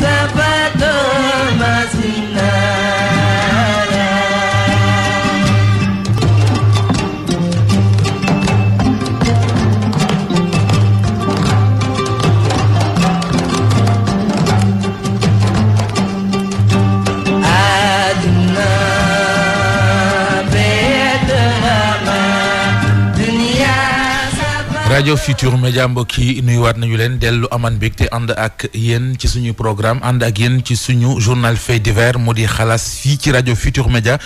seven. rajo Futur Media mbokk yi nuyuwaat nañu leen dellu aman bi te ànd ak yéen ci suñu programme ànd ak yéen ci suñu journal fait divers mu di xalaas fii ci rajo Futur Media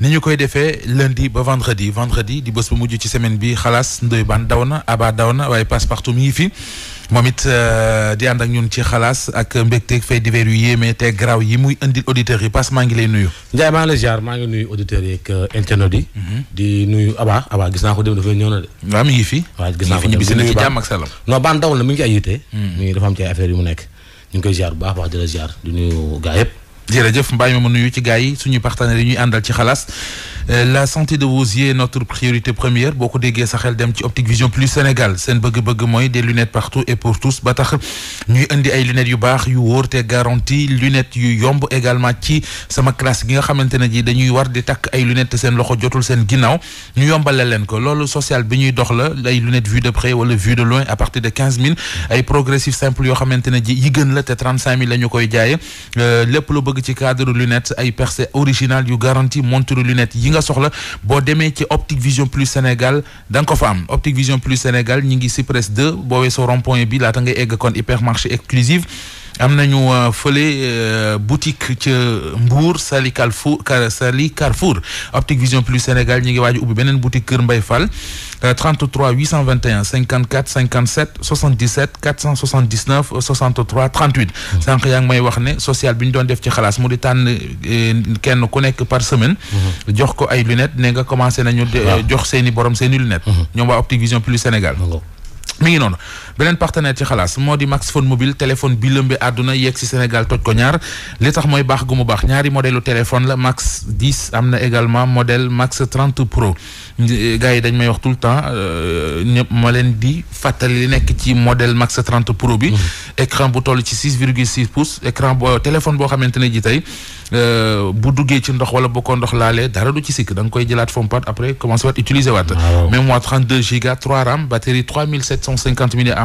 ni ñu koy defee lundi ba vendredi vendredi di bés bu mujj ci semaine bi xalaas Ndoye Bane daw na Aba daw na waaye passe partout mi ngi fii moom it euh, di ànd ak ñun ci xalaas ak mbégteeg fay divers yu yéeme te garaaw yi muy indil auditeurs yi parce que maa ngi lay nuyu. Ndiaye maa ngi lay ziar maa ngi nuyu auditeurs yi ak euh, internautes yi. Mm-hmm. di gis naa ko dem dafay ñëw na de. waaw mi ngi fi. waaw gis naa ko dem mi ngi fi na ci jàmm ak mu nekk. ñu ngi koy ziar bu baax wax dëgg ziar di nuyu gaa yëpp. jërëjëf mbaay ma ma nuyu ci gaa yi suñuy partenaires yi ñuy àndal ci xalaas Euh, la santé de vos yeux est notre priorité première. Beaucoup de gens ont des optique vision plus Sénégal. C'est des lunettes partout et pour tous. Nous un des lunettes qui sont garanties, des garantie. des lunettes qui sont également qui ma classe. Nous avons des lunettes qui sont des lunettes qui sont des lunettes. Nous avons des social qui sont des lunettes vues de près ou vues de loin à partir de 15 000. Les progressifs simples qui sont des lunettes 35 000. Nous avons des lunettes qui sont des lunettes qui sont des lunettes originales qui sont des lunettes nga soxla bo Optic ci Optique Vision Plus Sénégal da ko Optique Vision Plus Sénégal ñi ngi Cyprès 2 wé so rond-point bi la kon hypermarché exclusive am nañu euh, fële euh, boutique ca Mbour Sali Carrefour Sali Carrefour Optique Vision Plus Sénégal ñi ngi waaj ubbi beneen boutique Kër mbay Mbaye Fall 33 821 54 57 77 479 63 38 sànq yaa ngi may wax ne social bi ñu doon def ci xalaas mu di tànn euh, kenn ku nekk par semaine mhm. jox ko ay lunettes ne nga commencé nañu ah. jox seeni borom seeni lunettes mhm. ñoom waa Optique Vision Plus Sénégal mi ngi noonu beneen partenaire ci xalaas moo di Max mobile téléphone bi lëmbe àdduna yeeg si Sénégal toj ko ñaar li tax mooy baax gu ñaari modèle téléphone la Max 10 am également modèle Max 30 Pro gars yi dañ may wax tout le temps euh, ñëpp ma leen di li ci modèle Max 30 Pro bi. Mm-hmm. écran bu toll ci 6 pouces écran bo téléphone boo xamante ne ji tey euh, bu duggee ci ndox wala bu ko ndox laalee dara du ci sikk da nga koy jëlaat après commencé waat utiliser waat. Ah, mémoire 32 giga 3 ram batterie 3750 mAh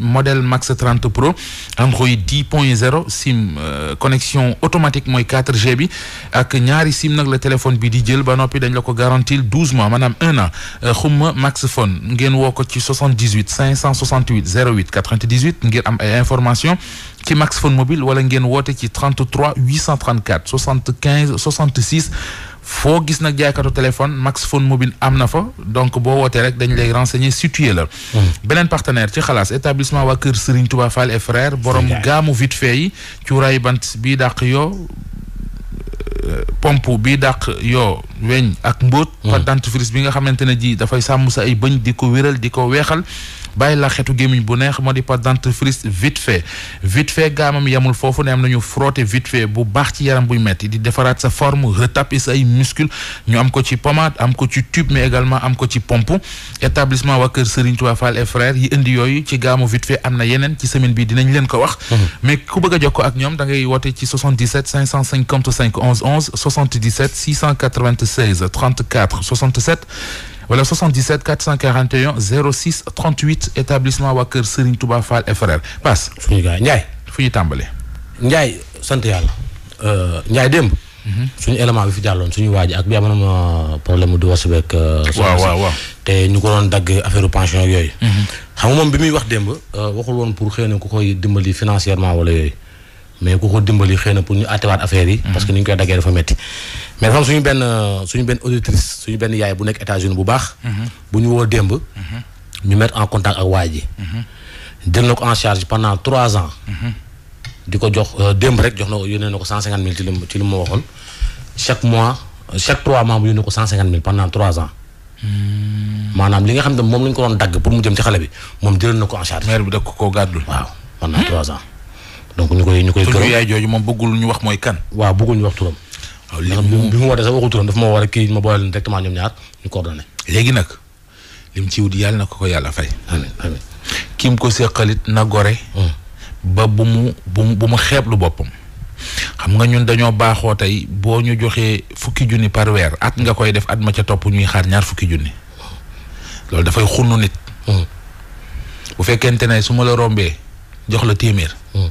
modèle Max 30 Pro Android 10.0, sim euh, connexion automatique moy 4G bi ak sim nak le téléphone bi di jël ba 12 mois madame 1 an euh, Max Phone ngeen ko 78 568 08 98 ngir am ay information ci Max Phone mobile wala ngeen 33 834 75 66 que gis téléphone max phone mobile des fa donc bo woté rek lay renseigner situé la. Hmm. benen partenaire ci khalas établissement wa kër Serigne Touba Fall et frère borom Gamou vite fait yi bant Bidak, dàq euh, pompe bi dàq yo weñ ak mbot hmm. dentifrice bi nga bàyyi la xetu gémmiñ bu neex modi pas dentifrice vite fait vite fait gamam yamul fofu ne am nañu frotté vite fait bu bax ci yaram buy metti di défarat sa forme retaper sa ay muscles ñu am ko ci pommade am ko ci tube mais également am ko ci pompe établissement wa kër Serigne Touba Fall et frère yi indi yoyu ci gamu vite fait amna yenen ci semaine bi dinañ leen ko wax mais ku bëgg a ak ñom da ngay woté ci 77 555 11 11 77 696 34 67 voilà, 77 441 06 38 établissement waa kër Serigne Touba Fall et Frères. passe. suñu gars Ndiaye. fu ñu tàmbalee. Ndiaye sant yàlla. Euh, Ndiaye démb. Mhm. suñu élément bi fi jàlloon suñu waji ak bi amoon na problème du divorce bek. Euh, waaw waaw waaw Té ñu ko doon dagg affaire pension Hmm. xam nga moom bi muy wax démb euh, waxul woon pour xëy na ku koy dimbali financièrement wala yooyu mais ko ko dimbali xëy pour ñu àttewaat affaire yi. parce que ñu koy daggee dafa metti mais dafa suñu ben suñu ben auditrice suñu ben yaay bu nek États-Unis bu baax. bu ñu woo demb ñu mettre en contact ak waa ji. jël na en charge pendant 3 ans. diko jox euh, demb rek jox na ko nako 150000 ko cent cinquante mille ci li ci li mu waxoon chaque mois chaque 3 mois mu nako 150000 pendant 3 ans. manam li nga xam ne mom lañ ko don dagg pour mu jëm ci xalé bi mom jël na ko en charge. maire bu dekk ko gadul gàddul. waaw pendant trois ans. donc ñu koy ñu koy. yaay jooju moom bëggul ñu wax mooy kan. waaw bëggul ñu wax turam. waaw ah, léegi moom bi mu wootee sax waxul turam daf ma woo rek kii ma boole leen directement ñoom ñaar ñu coordonné. léegi nag lim ci wut na ko ko yàlla fay. ki mu ko seqalit na gore. Hmm. ba bu mu bu mu xeeblu boppam. xam nga ñun dañoo baaxoo tey boo ñu joxee fukki junni par weer at nga koy def at ma ca topp ñuy xaar ñaar fukki junni loolu dafay xunnu nit. Hmm. bu fekkente ne su ma la rombee jox la téeméer. Hmm.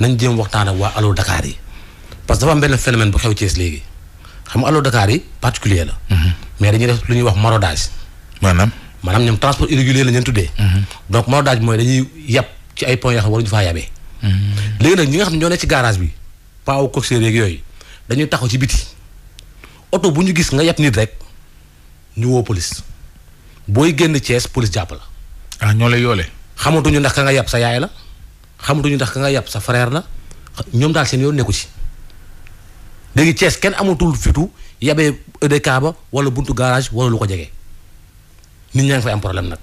nañ jéem waxtaan waa allo Dakar yi parce que dafa am benn phénomène bu xew Thiès léegi xam nga allo Dakar yi particulier la. Mhm. mais dañuy def lu ñuy wax maraudage. maanaam maanaam ñoom transport irrégulier la ñu tuddee. Mhm. donc maraudage mooy dañuy yab ci ay points yoo xam ne waruñu faa yabee. Mhm. léegi nag ñi nga xam ne ñoo ne ci garage bi paawu coxeur yeeg yooyu dañuy taxaw ci biti oto bu ñu gis nga yab nit rek ñu woo police booy génn Thiès police jàpp la. ah ñoo lay yoole. xamatuñu ndax ka nga yab sa yaay la. xamatuñu ndax ka nga yàpp sa frère la ñoom daal seen yoon nekku ci léegi Thiès kenn amatul fitu yabee EDK ba wala buntu garage wala lu ko jege nit ñaa ngi fay am problème nag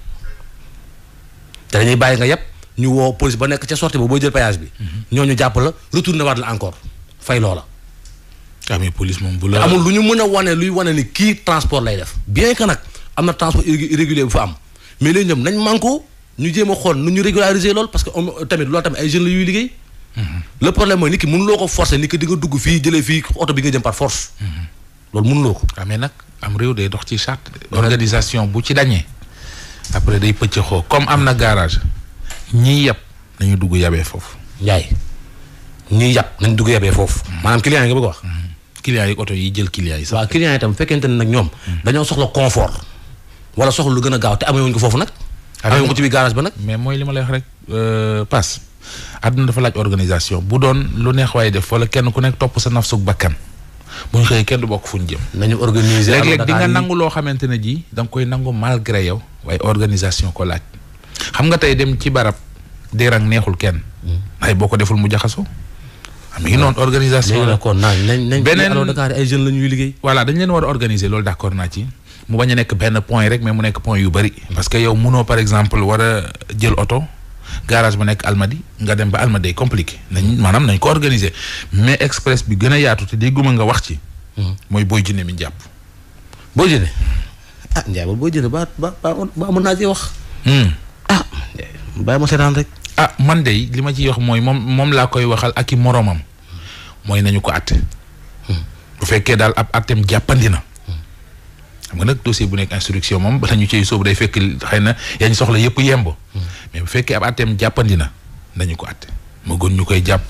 te dañuy bàyyi nga yàpp ñu woo police ba nekk ca sortie ba booy jël péage bi. Mhm. ñu jàpp la retourné waat la encore fay loola. amee ah, police moom bu la amul lu ñu mën a wane luy wane ni kii transport lay def bien nag am na transport irrégulier bu fa am mais léegi ñoom nañ manko ñu jéem a xool nu ñu régulariser loolu parce que on tamit loolu tamit ay jeunes la yuy liggéey. Mm-hmm. le problème mooy nit ki mënuloo ko forcer nit ki di nga dugg fii jëlee fii oto bi nga jëm par force. Mm-hmm. loolu mënuloo ko. Ah, ci bu ci dañee. après day pëcc xoo comme am na garage. ñii yab nañu dugg yabee foofu. Ndiaye ñiy yab nañu dugg yabee foofu. Mm-hmm. maanaam client yi nga bëgg wax. client yi oto yi jël client yi. waaw client yi tam fekkente ne nag ñoom. dañoo soxla confort. wala soxla lu gën a gaaw te amee foofu nag. awee ko ci biir ba nag mais mooy li ma lay wax rek euh, pass àdduna laaj organisation bu doon lu neex waaye def wala kenn ku nekk topp sa nafsu bakkan bu ñu kenn du bokk fu ñu jëm. nañu organiser léeg nangu loo xamante ne ji da nga koy nangu malgré yow waaye organisation ko laaj xam nga tey dem ci barab dérang neexul kenn hmm. waaye boo ko deful mu jaxasoo. am ah, ngi noonu organisation la léegi nag kon nañ nañ. beneen ay dañ leen war a organiser loolu d'accord naa ci. mu bañ a nekk benn point rek mais mu nekk point yu bari parce que yow munoo par exemple war jël oto garage ba nekk Almadi nga dem ba Almadi compliqué nañ maanaam nañ ko organiser mais express bi gën a yaatu te dégguma nga wax ci. mooy booy jinne mi jàpp. boo jinne ah Ndiaye booy jinne ba ba ba mën naa ci wax. Hmm. ah bàyyi ma rek. ah man de li ma ciy wax mooy moom moom laa koy waxal ak i moroomam mooy nañu ko àtte. Hmm. bu fekkee daal ab àtteem jàppandi na. xam nga nag dossier bu nekk instruction moom bala ñu cey sóobu day fekk xëy na yañ soxla yëpp yemb mais bu fekkee ab àtteem jàppandi na nañu ko àtte ma gën ñu koy jàpp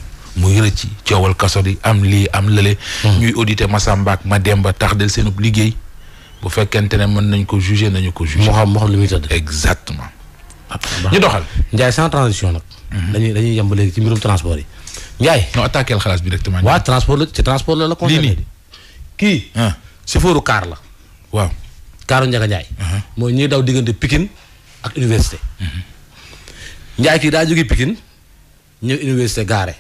tax del seenub liggéey bu fekkente ne mën nañ ko juger nañu ko juger moo xam moo xam li muy tëdd exactement ah, ñu doxal Ndiaye sans transition nag hmm. dañuy dañuy yemb léegi ci mbirum transport yi Ndiaye non attaqué xalaas bi directement waaw transport la ci transport la la concerné kii ah. chauffeuru car la Kaaru Njaga Njaay uh-huh. mooy ñuy daw diggante Pikine ak université uh-huh. Njaay kii daa jóge Pikine ñëw université gaare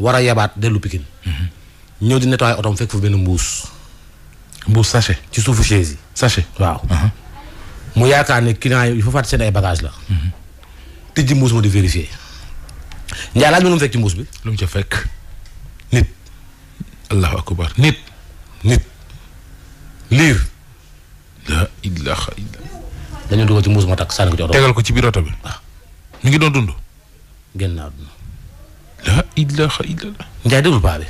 war a yabaat dellu Pikine uh-huh. ñëw di nettoyé otom fekk fu benn mbuus mbuus sachet ci suufu chaise yi sachet waaw mu yaakaar ne client yi fa fàtte seen ay bagage la tijji mbuus ma di vérifier Njaay laaj ma fekk ci mbuus bi nit allahu akbar nit nit liir la ilaha illa dañu dugal ci mbuus ma takk sànni ko ci oto tegal ko ci biir bi waaw ah. mi ngi doon dund génn naa dund la njaay déglu paa bi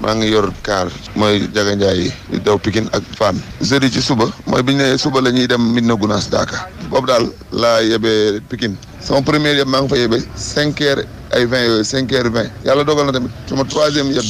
maa ngi yor kaar mooy jaga njaay yi di daw Pikine ak Fann jeudi ci suba mooy bi ñu suba la ñuy dem Medina Gounass Daaka boobu daal laa yebee Pikine sama première yeb maa ngi fa yebee cinq heures ay vingt yooyu cinq heures vingt yàlla dogal na tamit sama troisième yeb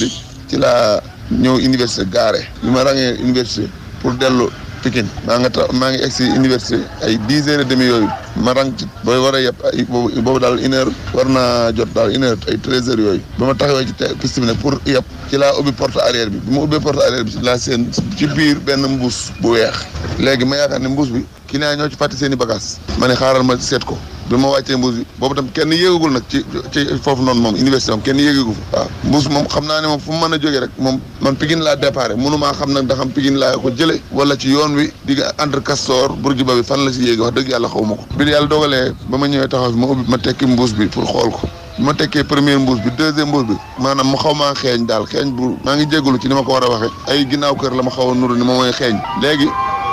ci laa ñëw université gaare bi ma ràññee université pour dellu Pikine maa nga ta maa ngi egg si université ay dix heures et demi yooyu ma rang ci war a yeb ay boobu daal une heure war naa jot daal une heure ay treize yooyu ba ma taxawee ci piste bi pour yeb ci laa ubbi porte arrière bi bi ma ubbee porte arrière bi laa seen ci biir benn mbuus bu weex léegi ma yaakaar ne mbuus bi ki naa a ci fàtte seen i bagage ma ne xaaral ma seet ko bi ma wàccee mbuus bi boobu tam kenn yéegagul nag ci foofu noonu moom université moom kenn yéegagu fa waaw mbuus moom xam naa ne moom fu mu mën a jógee rek moom man Pikine laa déparé mënumaa xam nag ndax am Pikine laa ko jële wala ci yoon wi digg entre Castor Bourguiba bi fan la si yéegi wax dëgg yàlla xaw ma ko bi yàlla dogalee ba ma ñëwee taxaw fi ma ma tekki mbuus bi pour xool ko ma tekkee première mbuus bi deuxième mbuus bi maanaam mu xaw maa xeeñ daal xeeñ bu maa ngi jégalu ci ni ma ko war a waxee ay ginaaw kër la ma xaw a nuru ni moom mooy xeeñ léegi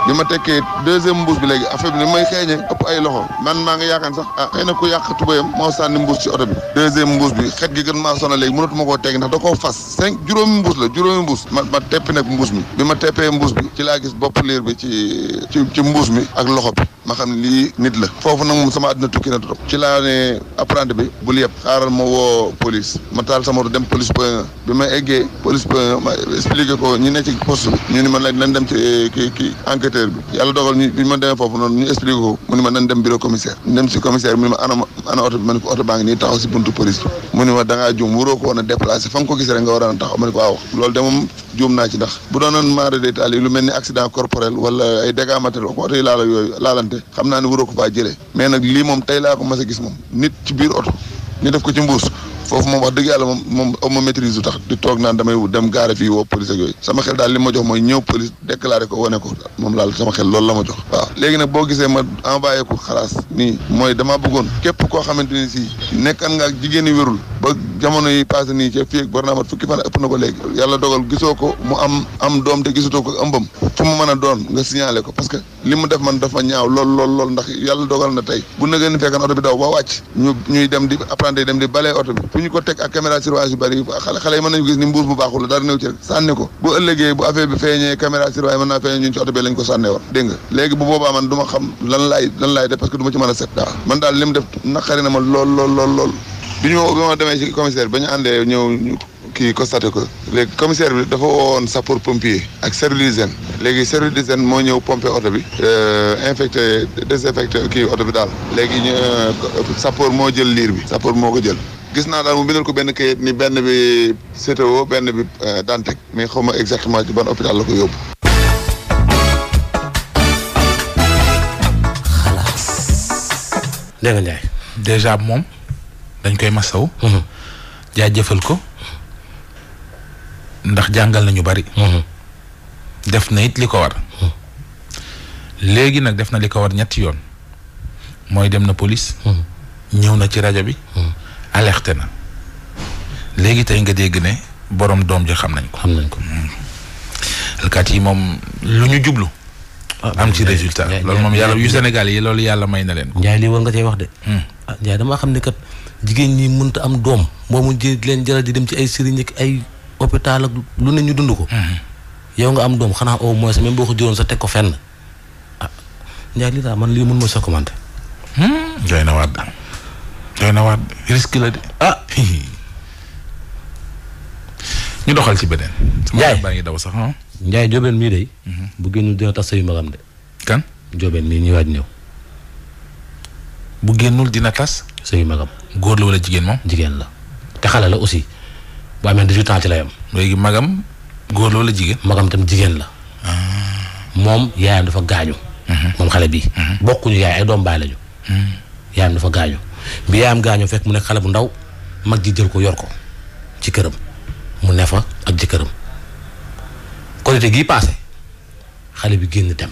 bi ma tekkee deuxième mbuus bi léegi affaire bi ni may xeeñee ëpp ay loxo man maa ngi yaakaar sax ah xëy na ku yàq tubayam moo sànni mbuus ci oto bi deuxième mbuus bi xet gi gën maa sonal léegi mënatuma koo teg ndax da koo fas cinq juróomi mbuus la juróomi mbuus ma ma teppi nag mbuus mi bi ma teppee mbuus bi ci laa gis bopp liir bi ci ci ci mbuus mi ak loxo bi ma xam nit la foofu nag sama àdduna tukki na trop ci laa ne apprenti bi bul yeb xaaral ma woo police ma taal sama dem police point bi ma eggee police point ma expliqué ko ñi ne ci poste bi ñu ni ma nañ dem demee foofu noonu ñu expliqué ko mu ni dem bureau commissaire ñu si commissaire mu ana ana baa ngi nii taxaw si buntu police bi mu ni wuroo ko woon a déplacé ko gis rek nga war a loolu de moom juum naa ci ndax bu doonoon mara détail lu mel ni accident corporel wala ay dégâts matériels ko oto yi laala yooyu laalante xam naa ne waroo ko faa jëlee mais nag lii moom tey laa ko mas a gis moom nit ci biir oto ñu def ko ci mbuus foofu moom wax dëgg yàlla moom moom aw ma maîtrise du tax di toog naan damay dem gaare fii woo police ak yooyu sama xel daal li ma jox mooy ñëw police déclaré ko wane ko moom laal sama xel loolu la ma jox waaw léegi nag boo gisee ma envoyé ko xalaas nii mooy damaa bëggoon képp koo xamante ni si nekkan nga ak jigéen yi wérul ba jamono yi passé nii ca fii ak war naa mat fukki fan ëpp na ko léegi yàlla dogal gisoo ko mu am am doom de gisutoo ko ëmbam fu mu mën a doon nga signalé ko parce li mu def man dafa ñaaw lool lool lool bi ñu la dara néew ci rek sànni ko bu ëllëgee bu affaire bi feeñee caméra surveillance mën naa feeñee ñun ci oto bi lañ ko sànnee war ma a set waaw man daal li mu def naqari demee commissaire ba ñu àndee ñëw kii constaté ko léegi commissaire bi dafa woon sapeur pompier ak service d'hygiène léegi service d'hygiène moo ñëw pompé oto bi euh, infecté désinfecté kii oto bi daal léegi ñu euh, moo jël liir bi sapeur moo ko jël gis naa daal mu bindal ko benn kayit ni benn bi CTO benn bi euh, Dantec mais xaw ma exactement ci ban hôpital la ko yóbbu. xalaas. dégg nga Ndiaye. moom dañ koy masaw. jaajëfal ko. ndax jàngal na ñu bari mhm. def na it li ko war mhm. léegi nag def na li ko war ñetti yoon mooy dem na police mhm. ñëw na ci rajo bi alerté na léegi tey nga dégg ne borom doom ji xam nañ ko xam nañ ko yi moom lu ñu jublu ah, am ci résultat loolu moom yàlla yu Sénégal yi loolu yàlla may na leen ko Njaay lii war nga cay wax de hmm. ah Njaay damaa xam ne kat jigéen ñi mënta am doom moomu ji leen jaral di dem ci ay sëriñ ak ay hôpital ak lu ne ñu dund ko. yow nga am doom xanaa au moins même boo ko juróon sa teg ko fenn ah Ndiaye lii daal man lii mun sa doy na doy na risque la ah. ñu doxal ci beneen. Ndiaye baa ngi daw sax ah. Ndiaye Diobène mii de. bu magam de. kan Diobène mii ñëwaat ñëw. bu génnul dina tas. magam góor la wala jigéen moom. usi. la te la aussi. bu amee 18 ans ci la yem. léegi magam góor loolu la jigéen. magam tam jigéen la. Ah. moom yaayam dafa gaañu. Mhm. moom xale bi mhm. bokkuñu yaay ay doom baay lañu. Mhm. yaayam dafa gaañu bi yaayam gaañu fekk mu nekk xale bu ndaw mag ji jël ko yor ko ci këram mu ne fa ak jëkkëram korite gii paase xale bi génn dem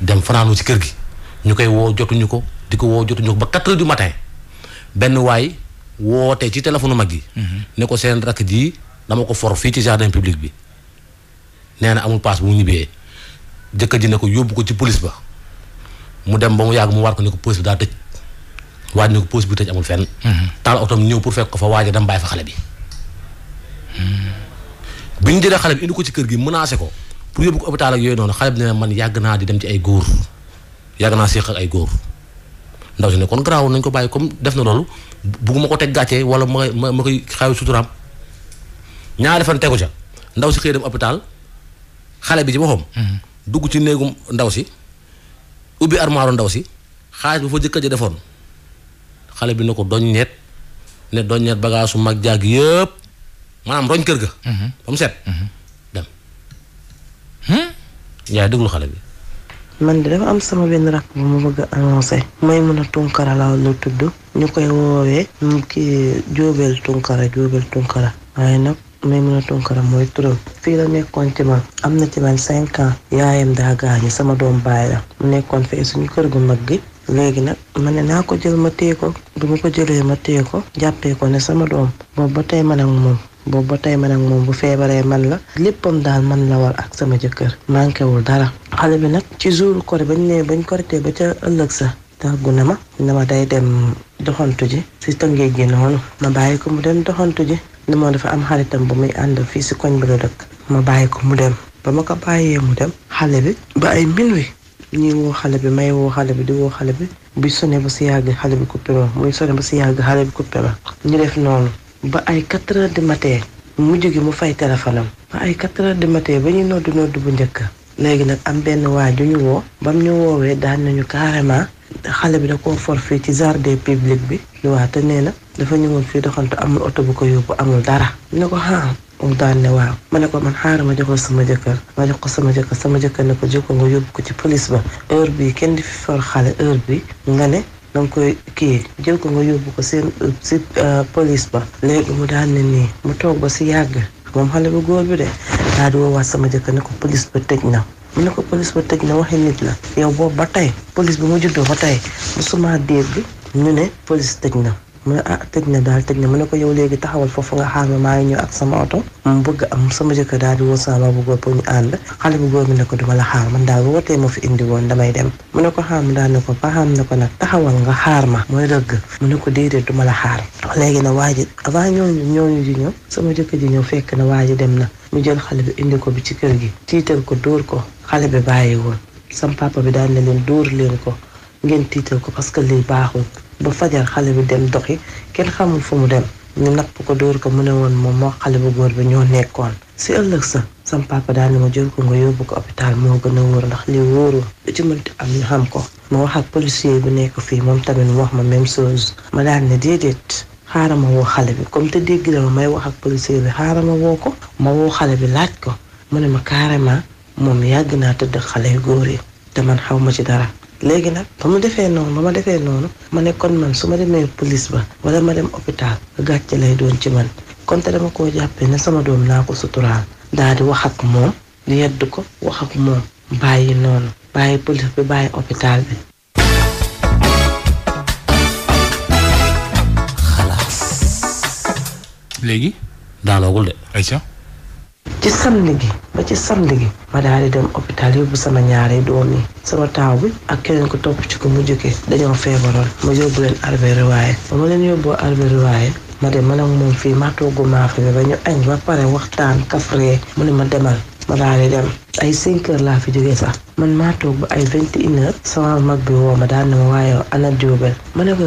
dem fanaanu ci kër gi ñu koy woo jotuñu ko di ko woo jotuñu ko ba quatre heures du matin benn waay woote ci téléphone mag yi. Mhm. ne ko seen rakk ji dama ko for fii ci jardin public bi nee na amul paas bu mu ñibbee jëkkër ji ne ko yóbbu ko ci police ba mu dem ba mu yàgg mu war ko ne ko police bi daa tëj waaj ne ko police bi tëj amul fenn. Mhm. taal otom ñëw pour fekk ko fa waaja dem bàyyi fa xale bi. Mhm. bi ñu jëlee xale bi indi ko ci kër gi menacé ko pour yóbbu ko hôpital ak yooyu noonu xale bi ne man yàgg naa di dem ci ay góor yàgg naa séq ak ay góor. ndaw si ne kon garaaw nañ ko bàyyi comme def na loolu bugguma ko teg gàccee wala ma ma koy xaayu suturaam ñaari fan tegu ca ndaw si xëy dem hôpital xale bi ci boppam. Mhm. dugg ci néegum ndaw si ubbi armoire ndaw si xaalis bu fa jëkkër ja defoon xale bi ne doñ net ne doñ ñett bagage mag jaag yëpp maanaam roñ kër ga. Mhm. ba dam, set. Mhm. dem. Hmm? yaa déglu xale bi. man de dafa am sama benn rakk bu mu bëgg a annoncé may mën a tunkara la lu tudd ñu koy woowee mu kii jóobeel tunkara jóobeel tunkara waaye nag may mën a tunkara mooy turam fii la nekkoon ci man am na ci man cinq ans yaayam daa gaañi sama doom baay la mu nekkoon fee suñu kër gu mag gi léegi nag ma ne naa ko jël ma téye ko du ma ko jëlee ma téye ko jàppee ko ne sama doom boobu ba tey man ak moom boobu ba tey man ak moom bu feebaree man la léppam daal man la war ak sama jëkkër manqué wul dara xale bi nag ci jour kori bañ nee bañ koritee ba ca ëllëg sa tàggu na ma ne ma day dem doxantu ji si tëngéej gi noonu ma bàyyi ko mu dem doxantu ji ne ma dafa am xaritam bu muy ànd fii si koñ bi la dëkk ma bàyyi ko mu dem ba ma ko bàyyee mu dem xale bi ba ay minuit ñuy woo xale bi may woo xale bi di woo xale bi buy sone ba si yàgg xale bi coupé ma muy sone ba si yàgg xale bi coupé ma ñu def noonu ba ay quatre de du mu mujj gi mu fay téléphone am ba ay quatre heures du matin ba ñuy noddu noddu bu njëkk léegi nag am benn waa ju ñu woo ba bam ñu woowee daan nañu carrément xale bi da koo for fii ci jardin public bi waa te nee na dafa ñëwoon fii doxantu amul oto bu ko yóbbu amul dara ne ko xaam mu daan ne waaw ma ne ko man xaaral ma jox sama jëkkër ma jox ko sama jëkkër sama jëkkër ne ko jox ko nga yóbbu ko ci police ba heure bii kenn di fi for xale heure bi nga ne da koy euh, kii jël ko nga yóbbu ko seen si euh, police ba léegi mu daan ne nii mu toog ba si yàgg moom xale bu góor bi de daa di woowaat sama jëkkër ne ko police ba tëj na mu ne ko police ba tëj na waxi nit la yow boobu ba tey police bi mu juddoo ba tey musuma dégg ñu ne police tëj na mu ne ah tëj na daal tëj na ne ko yow léegi taxawal foofu nga xaar ma maa ngi ñëw ak sama oto mu bëgg am sama jëkkër daal di woo sama bu góor pour ñu ànd xale bu góor mi ne ko duma la xaar man daal wootee ma fi indi woon damay dem mu ne ko xam daal ne ko ba xam ko nag taxawal xaar ma mooy dëgg mu ne ko déedéet duma la xaar léegi na waa ji avant ñooñu ñooñu di ñëw sama jëkkër ji ñëw fekk na waa ji dem na mu jël xale bi indi ko bi ci kër gi tiital ko dóor ko xale bi bàyyi woon sam papa bi daal ne leen dóor leen ko ngeen tiital ko parce que lii baaxul ba fajar xale bi dem doxi kenn xamul fu mu dem ñu napp ko dóor ko mu ne woon moom moo xale bu góor bi ñoo nekkoon si ëllëg sa sam papa daal ne ma jël ko nga yóbbu ko hôpital moo gën a wóor ndax lii wóorul lu ci mënti am ñu xam ko ma wax ak policier bi nekk fii moom tamit mu wax ma même chose ma daal ne déedéet xaaral ma woo xale bi comme te ma may wax ak policier bi xaaral ma woo ko ma xale bi laaj ko mu ne ma carrément moom yàgg naa tëdd xale yu góor yi te man xaw ma ci dara léegi nag ba mu defee noonu ba ma defee noonu ma ne kon man su ma demee police ba wala ma dem hôpital gàcce lay doon ci man kon te dama koo jàppee ne sama doom naa ko suturaal daal di wax ak moom di yedd ko wax ak moom bàyyi noonu bàyyi police bi bàyyi hôpital bi. xalaas. léegi. daanoogul de. Aïcha. ci samedi gi ba ci samedi gi ma daal di dem hôpital yóbbu sama ñaari doom yi sama taaw bi ak keneen ko topp ci ko mu jëkkee dañoo feebaroon ma yóbbu leen Albert Royer ba ma leen yóbboo Albert Royer ma dem man ak moom fii ma toogu maa fi ba ñu añ ba pare waxtaan kafree mu ne ma demal ma daal di dem ay cinq laa fi jógee sax man maa toog ba ay vingt et une heures sama mag bi woo ma daan ma waaye ana jóobel ma ne ko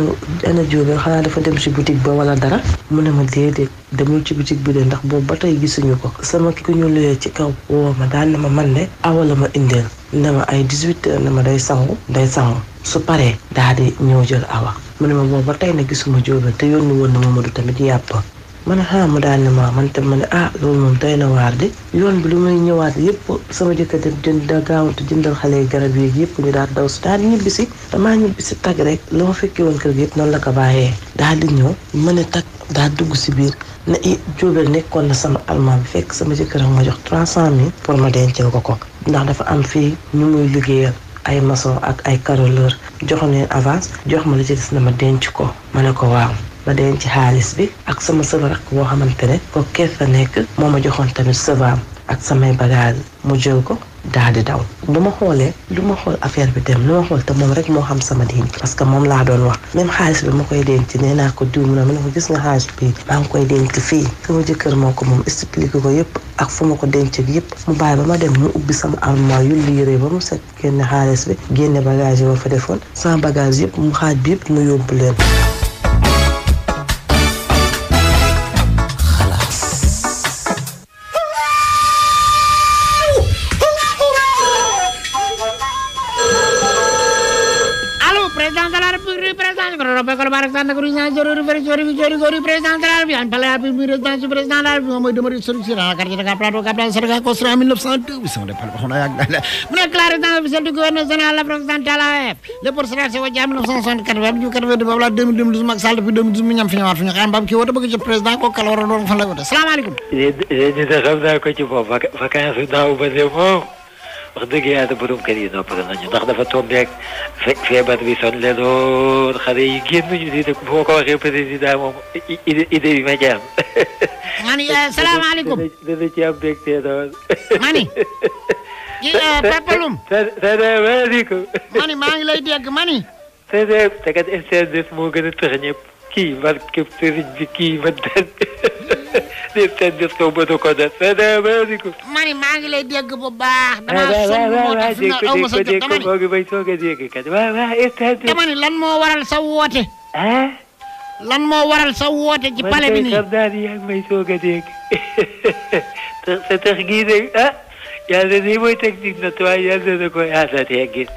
ana jóobel xanaa dafa dem ci boutique ba wala dara mu ne ma déedéet demul ci boutique bi de ndax boobu ba tey gisuñu ko sama ki ko ñu luyee ci kaw woo ma daan ma man de awala ma indeel ne ma ay dix-huit heures ne ma day sangu day sangu su paree daal di ñëw jël awa mu ne ma boobu ba tey na gisuma jóobel te yónni woon na Mamadou tamit yàpp man xanaa ah, mu daal ne ma man tam ma ne ah loolu moom doy na waar de yoon bi lu may ñëwaat yépp sama jëkkër dem jënd gaawante jëndal xale yi garab yi yëpp ñu daal daw si daal di si damaa si tag rek la ma fekkee woon kër gi yëpp noonu la ko bàyyee daal di ñëw mën a tag daal dugg si biir na i nekkoon na sama almaam bi fekk sama jëkkër ma jox trois cent mille pour ma dencal ko ko ndax dafa am fii ñu muy liggéeyal ay maçon ak ay carreleur jox leen avance jox ma la ci na ma denc ko ma ne ko waaw ma denc xaalis bi ak sama sëba rakk boo xamante ne ko kee fa nekk moo ma joxoon tamit sëbaam ak samay bagage mu jël ko daal di daw lu ma xoolee lu ma xool affaire bi dem lu ma xool moom rek moo xam sama denc parce que moom laa doon wax même xaalis bi ma koy denc nee naa ko diw ma ne ko gis nga xaalis bi ngi koy denc fii sama jëkkër moo ko moom expliqué ko yëpp ak fu ma ko denc ak yëpp mu bàyyi ba ma dem mu ubbi sama armoire yu liiree ba mu set génne xaalis bi génne bagage yi ma fa defoon sama bagage yëpp mu xaaj bi yëpp mu yóbbu leen président de la République président président président président redigeerde voor een kandidaat voor een andere. Daar hebben eh, eh, we het omgekeerd. Vier bedrijfsaandeel. Daar is iedereen nu niet. Ik moet ook al weer op dit idee. Ik denk iedereen mag er. Mani, assalamu alaikum. Daar is die object hierdoor. Mani. Ja, welkom. Zal. Zal welkom. Mani, maak je leidingen. Mani. Zal. Zal ik het eerste dus mogen dat ergeniet. كيما كيف كيما نستند الصوبات وكذا السلام عليكم ماني معاك لا ديك بابا ما ديك ديك ديك فوق بيتوك ديك كذا ما ما استند ماني لن مو ورا صوتي ها لن مو ورا صوت جبال بني سرداني يا بيتوك ديك ستخجيزي ها يا زيدي بيتك ديك نتوى يا زيدي كوي هذا تيجي